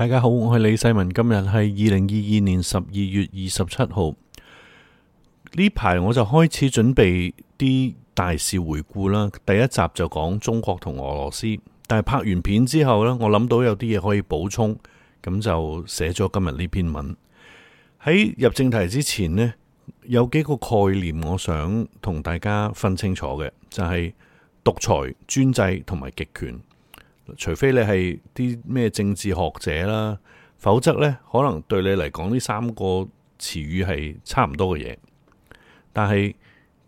大家好，我係李世民。今日係二零二二年十二月二十七號。呢排我就開始準備啲大事回顧啦，第一集就講中國同俄羅斯，但係拍完片之後呢，我諗到有啲嘢可以補充，咁就寫咗今日呢篇文。喺入正題之前呢，有幾個概念我想同大家分清楚嘅，就係獨裁、專制同埋極權。除非你係啲咩政治學者啦，否則呢可能對你嚟講呢三個詞語係差唔多嘅嘢，但係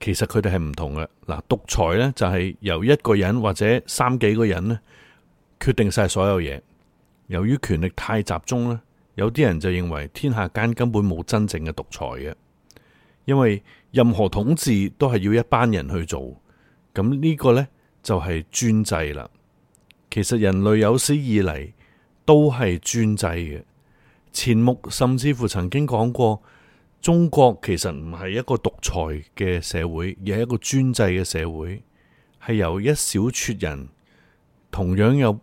其實佢哋係唔同嘅。嗱，獨裁呢就係、是、由一個人或者三幾個人咧決定晒所有嘢。由於權力太集中咧，有啲人就認為天下間根本冇真正嘅獨裁嘅，因為任何統治都係要一班人去做。咁、這、呢個呢就係、是、專制啦。其實人類有史以來都係專制嘅。錢穆甚至乎曾經講過，中國其實唔係一個獨裁嘅社會，而係一個專制嘅社會，係由一小撮人同樣有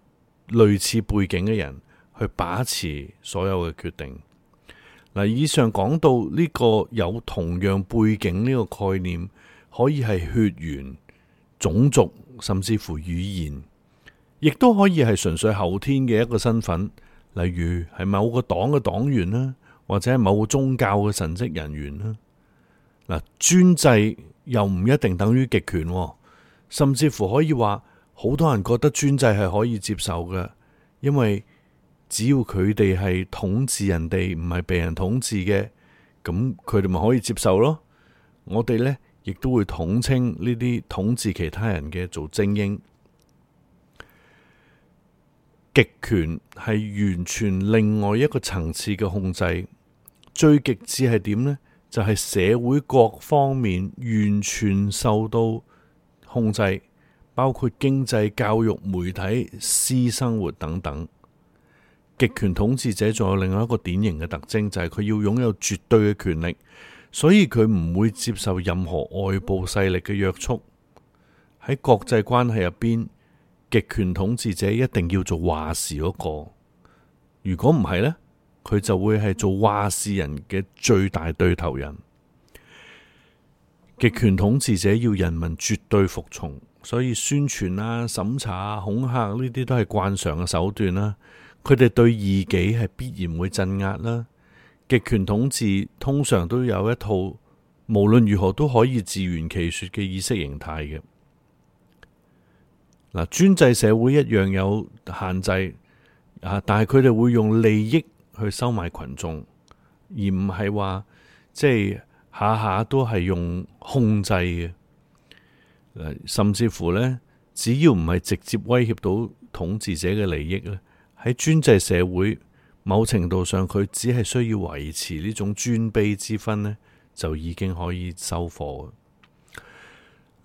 類似背景嘅人去把持所有嘅決定。嗱，以上講到呢個有同樣背景呢個概念，可以係血緣、種族，甚至乎語言。亦都可以係純粹後天嘅一個身份，例如係某個黨嘅黨員啦，或者係某個宗教嘅神職人員啦。嗱，專制又唔一定等於極權，甚至乎可以話，好多人覺得專制係可以接受嘅，因為只要佢哋係統治人哋，唔係被人統治嘅，咁佢哋咪可以接受咯。我哋呢，亦都會統稱呢啲統治其他人嘅做精英。極權係完全另外一個層次嘅控制，最極致係點呢？就係、是、社會各方面完全受到控制，包括經濟、教育、媒體、私生活等等。極權統治者仲有另外一個典型嘅特徵，就係、是、佢要擁有絕對嘅權力，所以佢唔會接受任何外部勢力嘅約束。喺國際關係入邊。極權統治者一定要做話事嗰個，如果唔係呢，佢就會係做話事人嘅最大對頭人。極權統治者要人民絕對服從，所以宣傳啊、審查啊、恐嚇呢啲都係慣常嘅手段啦。佢哋對異己係必然會鎮壓啦。極權統治通常都有一套無論如何都可以自圓其說嘅意識形態嘅。嗱，專制社會一樣有限制啊，但係佢哋會用利益去收買群眾，而唔係話即係下下都係用控制嘅。甚至乎咧，只要唔係直接威脅到統治者嘅利益咧，喺專制社會某程度上，佢只係需要維持呢種尊卑之分咧，就已經可以收貨。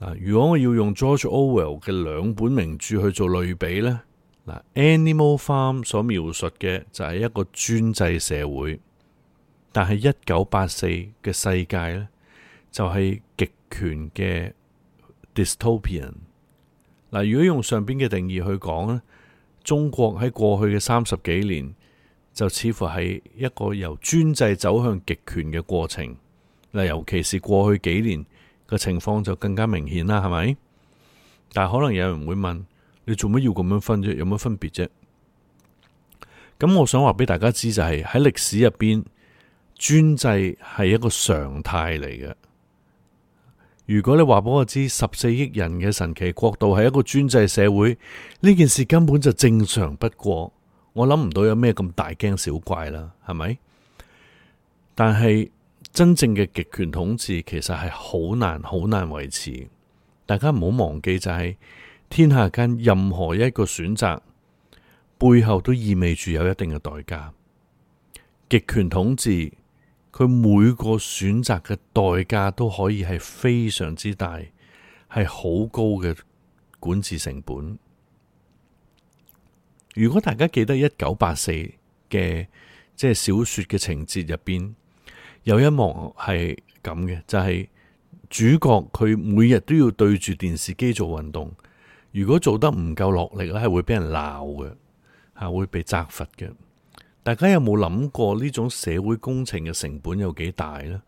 嗱，如果我要用 George Orwell 嘅兩本名著去做類比咧，嗱，《Animal Farm》所描述嘅就係一個專制社會，但係《一九八四》嘅世界咧就係極權嘅 dystopian。嗱，如果用上邊嘅定義去講咧，中國喺過去嘅三十幾年就似乎係一個由專制走向極權嘅過程。嗱，尤其是過去幾年。個情況就更加明顯啦，係咪？但係可能有人會問：你做乜要咁樣分啫？有乜分別啫？咁我想話俾大家知就係喺歷史入邊，專制係一個常態嚟嘅。如果你話俾我知十四億人嘅神奇國度係一個專制社會，呢件事根本就正常不過。我諗唔到有咩咁大驚小怪啦，係咪？但係。真正嘅極權統治其實係好難、好難維持。大家唔好忘記，就係，就係天下間任何一個選擇背後都意味住有一定嘅代價。極權統治佢每個選擇嘅代價都可以係非常之大，係好高嘅管治成本。如果大家記得一九八四嘅即係小說嘅情節入邊。有一幕係咁嘅，就係、是、主角佢每日都要對住電視機做運動，如果做得唔夠落力咧，係會俾人鬧嘅，吓會被責罰嘅。大家有冇諗過呢種社會工程嘅成本有幾大咧？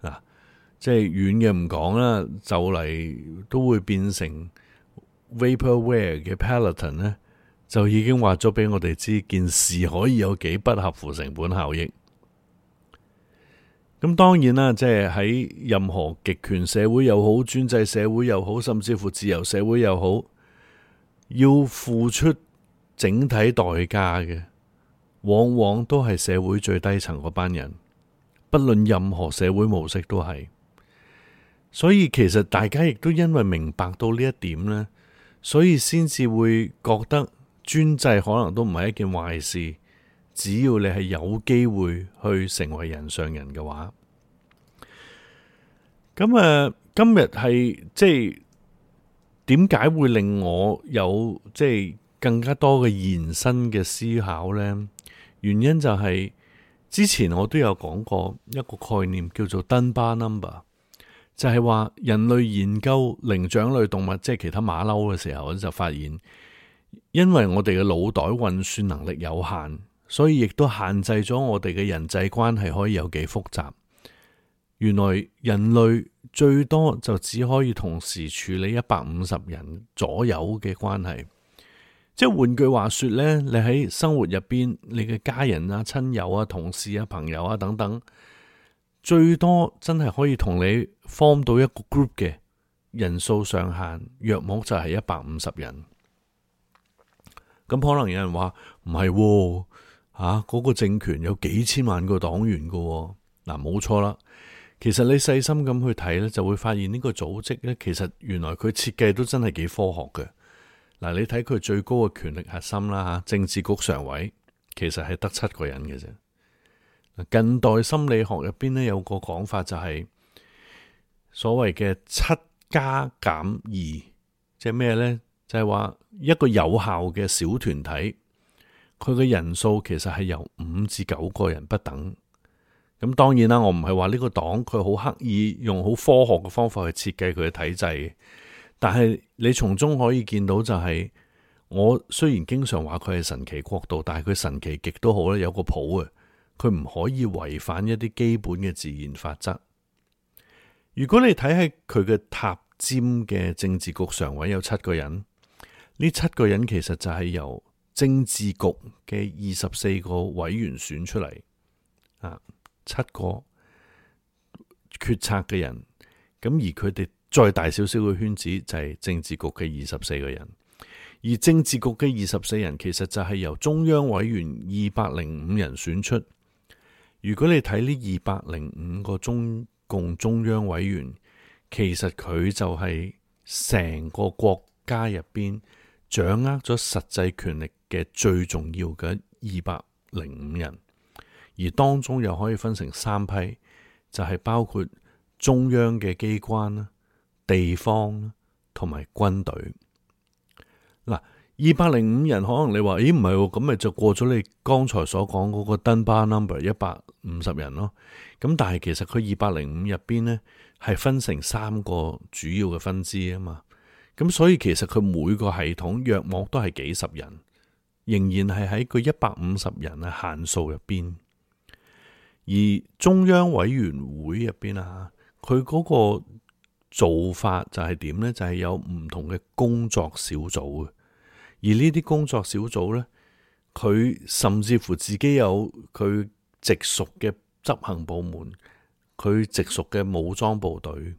啊，即係遠嘅唔講啦，就嚟都會變成 Vaporware 嘅 Peloton 咧，就已經話咗俾我哋知件事可以有幾不合乎成本效益。咁當然啦，即係喺任何極權社會又好、專制社會又好，甚至乎自由社會又好，要付出整體代價嘅，往往都係社會最低層嗰班人，不論任何社會模式都係。所以其實大家亦都因為明白到呢一點呢，所以先至會覺得專制可能都唔係一件壞事。只要你係有機會去成為人上人嘅話，咁、呃、啊今日係即係點解會令我有即係更加多嘅延伸嘅思考呢？原因就係、是、之前我都有講過一個概念叫做登巴 number，就係話人類研究靈長類動物即係其他馬騮嘅時候咧，我就發現因為我哋嘅腦袋運算能力有限。所以亦都限制咗我哋嘅人際關係可以有幾複雜。原來人類最多就只可以同時處理一百五十人左右嘅關係。即係換句話說呢，你喺生活入邊，你嘅家人啊、親友啊、同事啊、朋友啊等等，最多真係可以同你 form 到一個 group 嘅人數上限，約莫就係一百五十人。咁可能有人話唔係喎。啊！嗰個政權有幾千萬個黨員噶喎，嗱，啊，冇錯啦。其實你細心咁去睇咧，就會發現呢個組織咧，其實原來佢設計都真係幾科學嘅。嗱，啊，你睇佢最高嘅權力核心啦，啊，政治局常委其實係得七個人嘅啫。近代心理學入邊咧有個講法就係，所謂嘅七加減二，即係咩呢？就係話一個有效嘅小團體。佢嘅人數其實係由五至九個人不等，咁當然啦，我唔係話呢個黨佢好刻意用好科學嘅方法去設計佢嘅體制，但係你從中可以見到就係、是、我雖然經常話佢係神奇國度，但係佢神奇極都好咧，有個譜啊，佢唔可以違反一啲基本嘅自然法則。如果你睇喺佢嘅塔尖嘅政治局常委有七個人，呢七個人其實就係由……政治局嘅二十四個委員選出嚟，啊七個決策嘅人，咁而佢哋再大少少嘅圈子就係政治局嘅二十四個人，而政治局嘅二十四人其實就係由中央委員二百零五人選出。如果你睇呢二百零五個中共中央委員，其實佢就係成個國家入邊，掌握咗實際權力嘅最重要嘅二百零五人，而當中又可以分成三批，就係、是、包括中央嘅機關啦、地方同埋軍隊。嗱，二百零五人可能你話，誒唔係喎，咁咪、哦、就過咗你剛才所講嗰個登巴 number 一百五十人咯。咁但係其實佢二百零五入邊呢，係分成三個主要嘅分支啊嘛。咁所以其實佢每個系統約莫都係幾十人，仍然係喺佢一百五十人嘅限數入邊。而中央委員會入邊啊，佢嗰個做法就係點咧？就係有唔同嘅工作小組，而呢啲工作小組咧，佢甚至乎自己有佢直屬嘅執行部門，佢直屬嘅武裝部隊。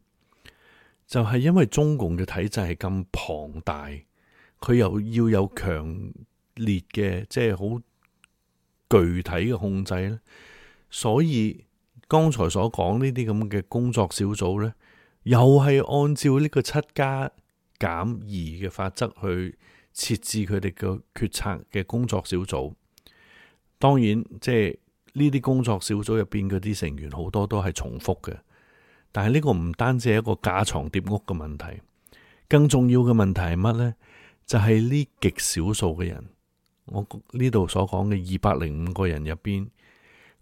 就係因為中共嘅體制係咁龐大，佢又要有強烈嘅即係好具體嘅控制咧，所以剛才所講呢啲咁嘅工作小組呢，又係按照呢個七加減二嘅法則去設置佢哋嘅決策嘅工作小組。當然，即係呢啲工作小組入邊嗰啲成員好多都係重複嘅。但係呢個唔單止係一個架床疊屋嘅問題，更重要嘅問題係乜咧？就係、是、呢極少數嘅人，我呢度所講嘅二百零五個人入邊，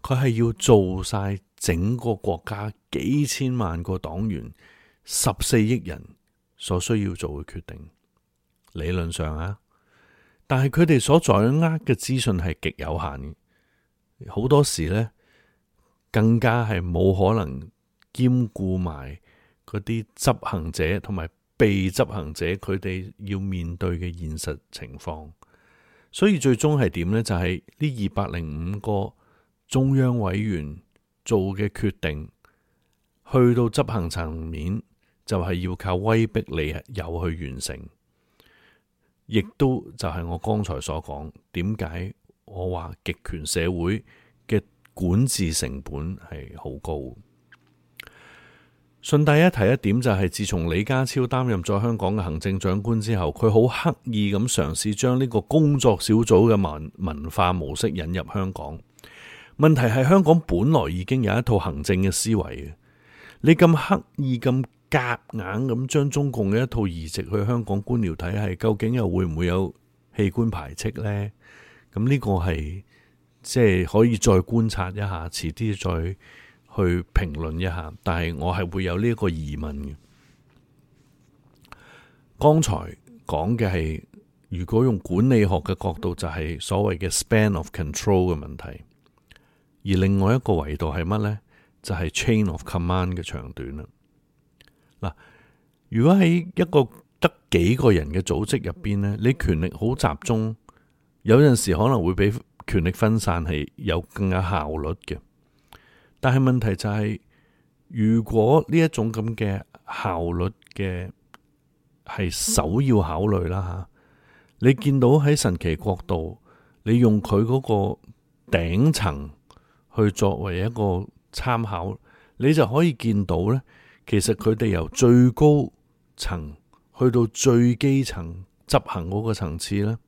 佢係要做晒整個國家幾千萬個黨員、十四億人所需要做嘅決定。理論上啊，但係佢哋所掌握嘅資訊係極有限嘅，好多時咧更加係冇可能。兼顧埋嗰啲執行者同埋被執行者，佢哋要面對嘅現實情況，所以最終係點呢？就係呢二百零五個中央委員做嘅決定，去到執行層面就係、是、要靠威逼你有去完成，亦都就係我剛才所講點解我話極權社會嘅管治成本係好高。順帶一提一點，就係自從李家超擔任咗香港嘅行政長官之後，佢好刻意咁嘗試將呢個工作小組嘅文文化模式引入香港。問題係香港本來已經有一套行政嘅思維嘅，你咁刻意咁夾硬咁將中共嘅一套移植去香港官僚體系，究竟又會唔會有器官排斥呢？咁呢個係即係可以再觀察一下，遲啲再去評論一下，但係我係會有呢一個疑問嘅。剛才講嘅係，如果用管理學嘅角度，就係所謂嘅 span of control 嘅問題，而另外一個維度係乜呢？就係 chain of command 嘅長短啦。如果喺一個得幾個人嘅組織入邊咧，你權力好集中，有陣時可能會比權力分散係有更加效率嘅。但係問題就係、是，如果呢一種咁嘅效率嘅係首要考慮啦吓，你見到喺神奇國度，你用佢嗰個頂層去作為一個參考，你就可以見到呢。其實佢哋由最高層去到最基層執行嗰個層次，呢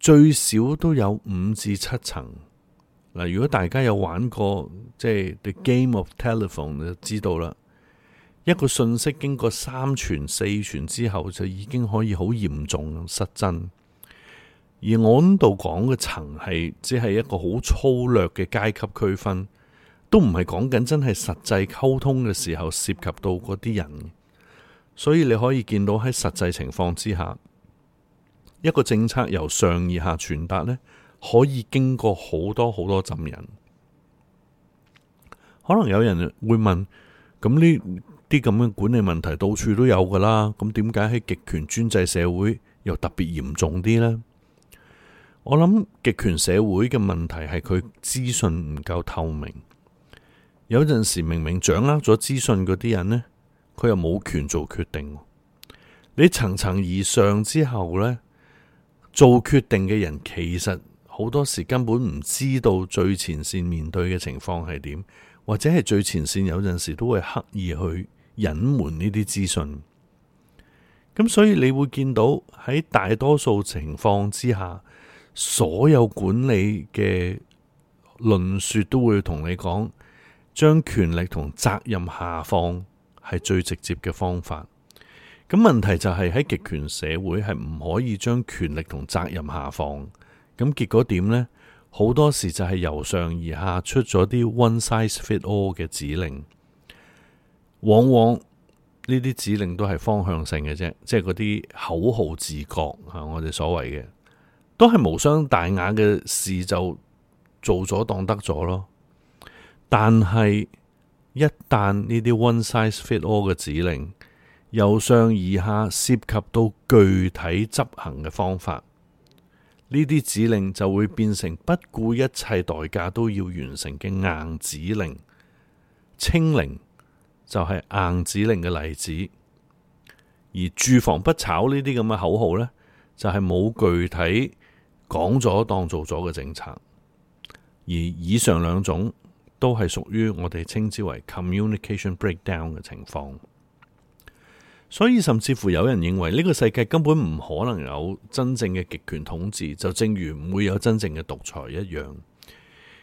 最少都有五至七層。嗱，如果大家有玩過即係《The Game of Telephone》就知道啦，一個信息經過三傳四傳之後，就已經可以好嚴重失真。而我呢度講嘅層係，只係一個好粗略嘅階級區分，都唔係講緊真係實際溝通嘅時候涉及到嗰啲人。所以你可以見到喺實際情況之下，一個政策由上而下傳達呢。可以經過好多好多浸人，可能有人會問：「咁呢啲咁嘅管理問題到處都有噶啦，咁點解喺極權專制社會又特別嚴重啲呢？」我諗極權社會嘅問題係佢資訊唔夠透明，有陣時明明掌握咗資訊嗰啲人呢，佢又冇權做決定。你層層而上之後呢，做決定嘅人其實。好多時根本唔知道最前線面對嘅情況係點，或者係最前線有陣時都會刻意去隱瞞呢啲資訊。咁所以你會見到喺大多數情況之下，所有管理嘅論述都會同你講，將權力同責任下放係最直接嘅方法。咁問題就係喺極權社會係唔可以將權力同責任下放。咁結果點呢？好多時就係由上而下出咗啲 one size fit all 嘅指令，往往呢啲指令都係方向性嘅啫，即係嗰啲口號自覺吓，我哋所謂嘅，都係無傷大雅嘅事就做咗當得咗咯。但係一旦呢啲 one size fit all 嘅指令由上而下涉及到具體執行嘅方法。呢啲指令就會變成不顧一切代價都要完成嘅硬指令，清零就係硬指令嘅例子。而住房不炒呢啲咁嘅口號呢，就係冇具體講咗，當做咗嘅政策。而以上兩種都係屬於我哋稱之為 communication breakdown 嘅情況。所以甚至乎有人認為呢個世界根本唔可能有真正嘅極權統治，就正如唔會有真正嘅獨裁一樣。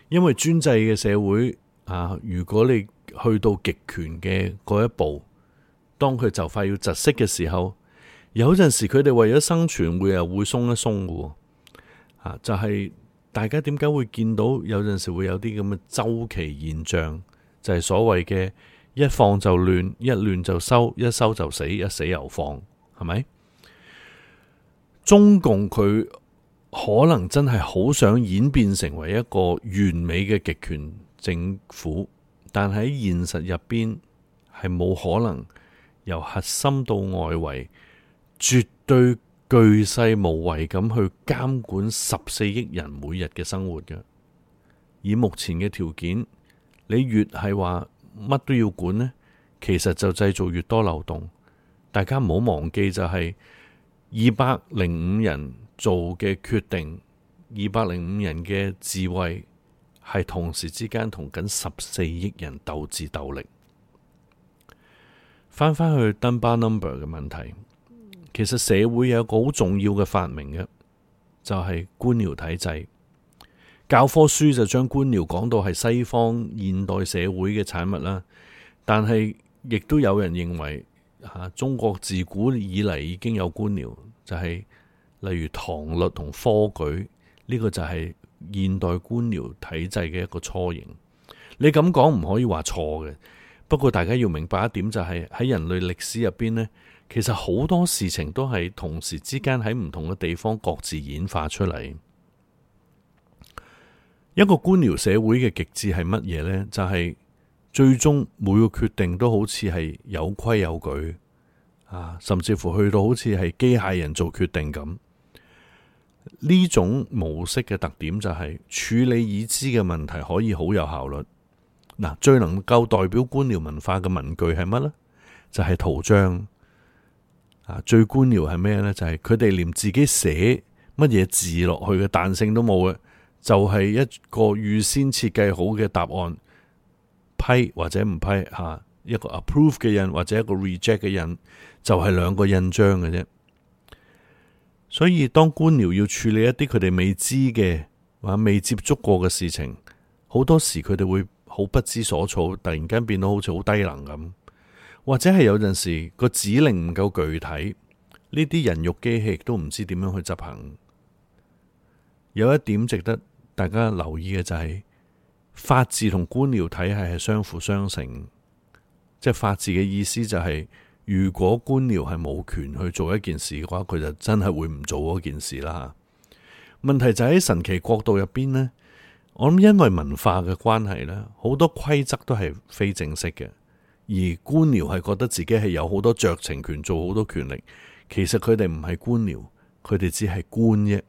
因為專制嘅社會啊，如果你去到極權嘅嗰一步，當佢就快要窒息嘅時候，有陣時佢哋為咗生存會啊會鬆一鬆嘅。啊，就係大家點解會見到有陣時會有啲咁嘅周期現象，就係所謂嘅。一放就亂，一亂就收，一收就死，一死又放，係咪？中共佢可能真係好想演變成為一個完美嘅極權政府，但喺現實入邊係冇可能由核心到外圍絕對巨細無遺咁去監管十四億人每日嘅生活嘅。以目前嘅條件，你越係話。乜都要管呢？其實就製造越多漏洞。大家唔好忘記就係二百零五人做嘅決定，二百零五人嘅智慧係同時之間同緊十四億人鬥智鬥力。翻返去鄧巴 number 嘅問題，其實社會有一個好重要嘅發明嘅，就係官僚體制。教科書就將官僚講到係西方現代社會嘅產物啦，但係亦都有人認為吓中國自古以嚟已經有官僚，就係例如唐律同科舉呢個就係現代官僚體制嘅一個雛形。你咁講唔可以話錯嘅，不過大家要明白一點就係喺人類歷史入邊呢，其實好多事情都係同時之間喺唔同嘅地方各自演化出嚟。一個官僚社會嘅極致係乜嘢呢？就係最終每個決定都好似係有規有矩啊，甚至乎去到好似係機械人做決定咁。呢種模式嘅特點就係處理已知嘅問題可以好有效率。嗱，最能夠代表官僚文化嘅文具係乜呢？就係圖章啊！最官僚係咩呢？就係佢哋連自己寫乜嘢字落去嘅彈性都冇嘅。就係一個預先設計好嘅答案，批或者唔批吓，一個 approve 嘅人或者一個 reject 嘅人，就係、是、兩個印章嘅啫。所以當官僚要處理一啲佢哋未知嘅或者未接觸過嘅事情，好多時佢哋會好不知所措，突然間變到好似好低能咁，或者係有陣時個指令唔夠具體，呢啲人肉機器都唔知點樣去執行。有一點值得。大家留意嘅，就係法治同官僚體系係相輔相成，即係法治嘅意思就係如果官僚係冇權去做一件事嘅話，佢就真係會唔做嗰件事啦。問題就喺神奇國度入邊呢，我諗因為文化嘅關係呢，好多規則都係非正式嘅，而官僚係覺得自己係有好多酌情權，做好多權力，其實佢哋唔係官僚，佢哋只係官啫，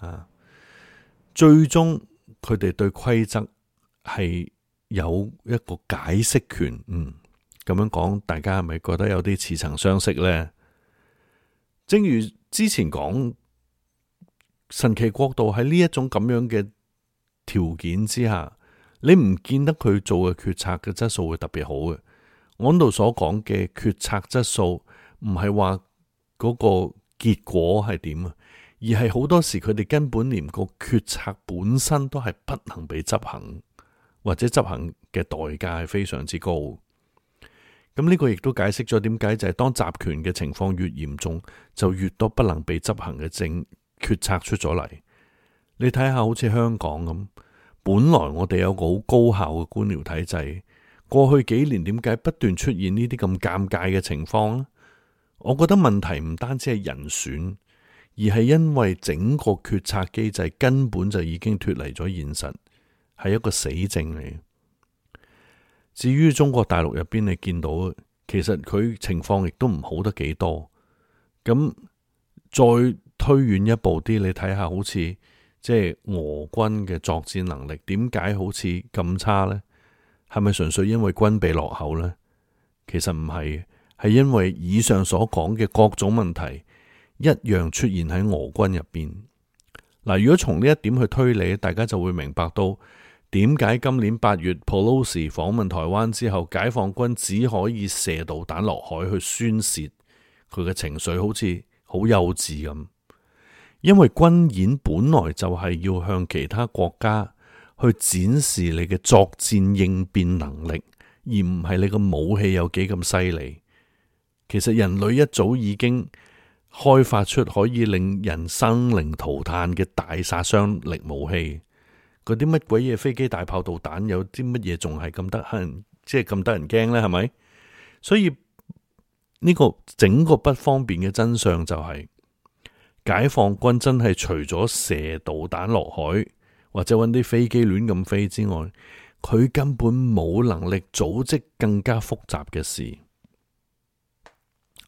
啊。最終佢哋對規則係有一個解釋權，嗯，咁樣講，大家係咪覺得有啲似曾相識呢？正如之前講，神奇國度喺呢一種咁樣嘅條件之下，你唔見得佢做嘅決策嘅質素會特別好嘅。我喺度所講嘅決策質素，唔係話嗰個結果係點啊。而係好多時，佢哋根本連個決策本身都係不能被執行，或者執行嘅代價係非常之高。咁呢個亦都解釋咗點解就係當集權嘅情況越嚴重，就越多不能被執行嘅政決策出咗嚟。你睇下，好似香港咁，本來我哋有個好高效嘅官僚體制，過去幾年點解不斷出現呢啲咁尷尬嘅情況咧？我覺得問題唔單止係人選。而係因為整個決策機制根本就已經脫離咗現實，係一個死症嚟。至於中國大陸入邊你見到，其實佢情況亦都唔好得幾多。咁再推遠一步啲，你睇下，好似即係俄軍嘅作戰能力，點解好似咁差咧？係咪純粹因為軍備落後咧？其實唔係，係因為以上所講嘅各種問題。一樣出現喺俄軍入邊嗱。如果從呢一點去推理，大家就會明白到點解今年八月佩洛西訪問台灣之後，解放軍只可以射導彈落海去宣洩佢嘅情緒，好似好幼稚咁。因為軍演本來就係要向其他國家去展示你嘅作戰應變能力，而唔係你個武器有幾咁犀利。其實人類一早已經。開發出可以令人生靈塗炭嘅大殺傷力武器，嗰啲乜鬼嘢飛機、大炮、導彈，有啲乜嘢仲係咁得，可能即係咁得人驚咧？係咪？所以呢個整個不方便嘅真相就係，解放軍真係除咗射導彈落海或者搵啲飛機亂咁飛之外，佢根本冇能力組織更加複雜嘅事。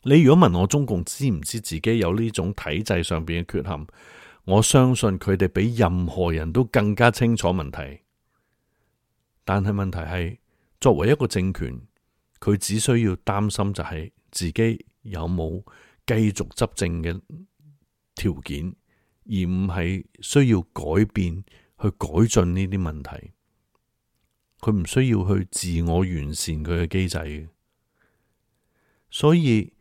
你如果問我中共知唔知自己有呢種體制上邊嘅缺陷，我相信佢哋比任何人都更加清楚問題。但係問題係，作為一個政權，佢只需要擔心就係自己有冇繼續執政嘅條件，而唔係需要改變去改進呢啲問題。佢唔需要去自我完善佢嘅機制，所以。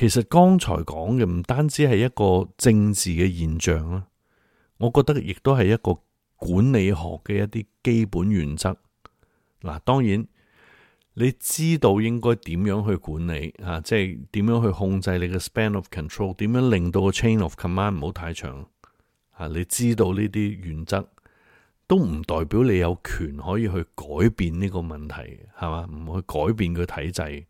其實剛才講嘅唔單止係一個政治嘅現象啦，我覺得亦都係一個管理學嘅一啲基本原則。嗱，當然你知道應該點樣去管理啊，即係點樣去控制你嘅 span of control，點樣令到個 chain of command 唔好太長啊，你知道呢啲原則都唔代表你有權可以去改變呢個問題，係嘛？唔去改變佢體制。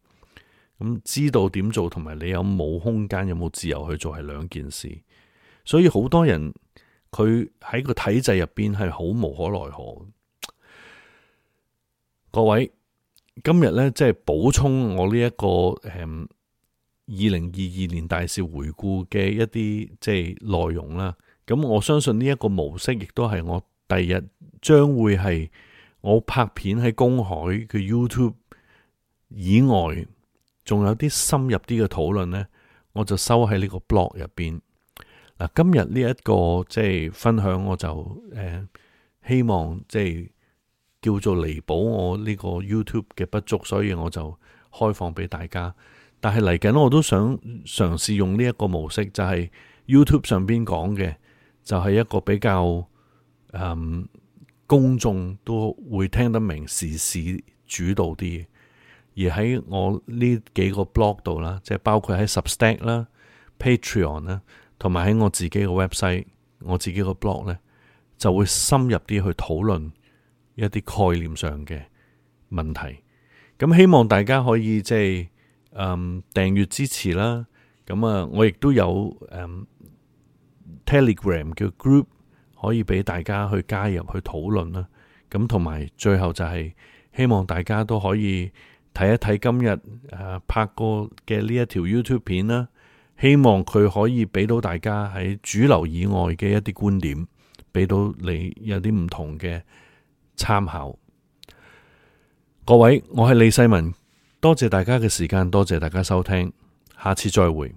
咁知道點做，同埋你有冇空間，有冇自由去做，係兩件事。所以好多人佢喺個體制入邊係好無可奈何。各位今日呢，即係補充我呢、這、一個誒二零二二年大事回顧嘅一啲即係內容啦。咁我相信呢一個模式亦都係我第日將會係我拍片喺公海嘅 YouTube 以外，仲有啲深入啲嘅討論呢，我就收喺呢個 blog 入邊。嗱，今日呢一個即係、就是、分享，我就誒、呃、希望即係、就是、叫做彌補我呢個 YouTube 嘅不足，所以我就開放俾大家。但係嚟緊我都想嘗試用呢一個模式，就係、是、YouTube 上邊講嘅，就係、是、一個比較、嗯、公眾都會聽得明、時事主導啲。而喺我呢幾個 blog 度啦，即係包括喺 Substack 啦、Patreon 啦，同埋喺我自己個 website、我自己個 blog 咧，就會深入啲去討論一啲概念上嘅問題。咁希望大家可以即係、就是、嗯訂閱支持啦。咁、嗯、啊，我亦都有嗯 Telegram 嘅 group 可以俾大家去加入去討論啦。咁同埋最後就係、是、希望大家都可以。睇一睇今日誒拍過嘅呢一條 YouTube 片啦，希望佢可以俾到大家喺主流以外嘅一啲觀點，俾到你有啲唔同嘅參考。各位，我係李世民，多謝大家嘅時間，多謝大家收聽，下次再會。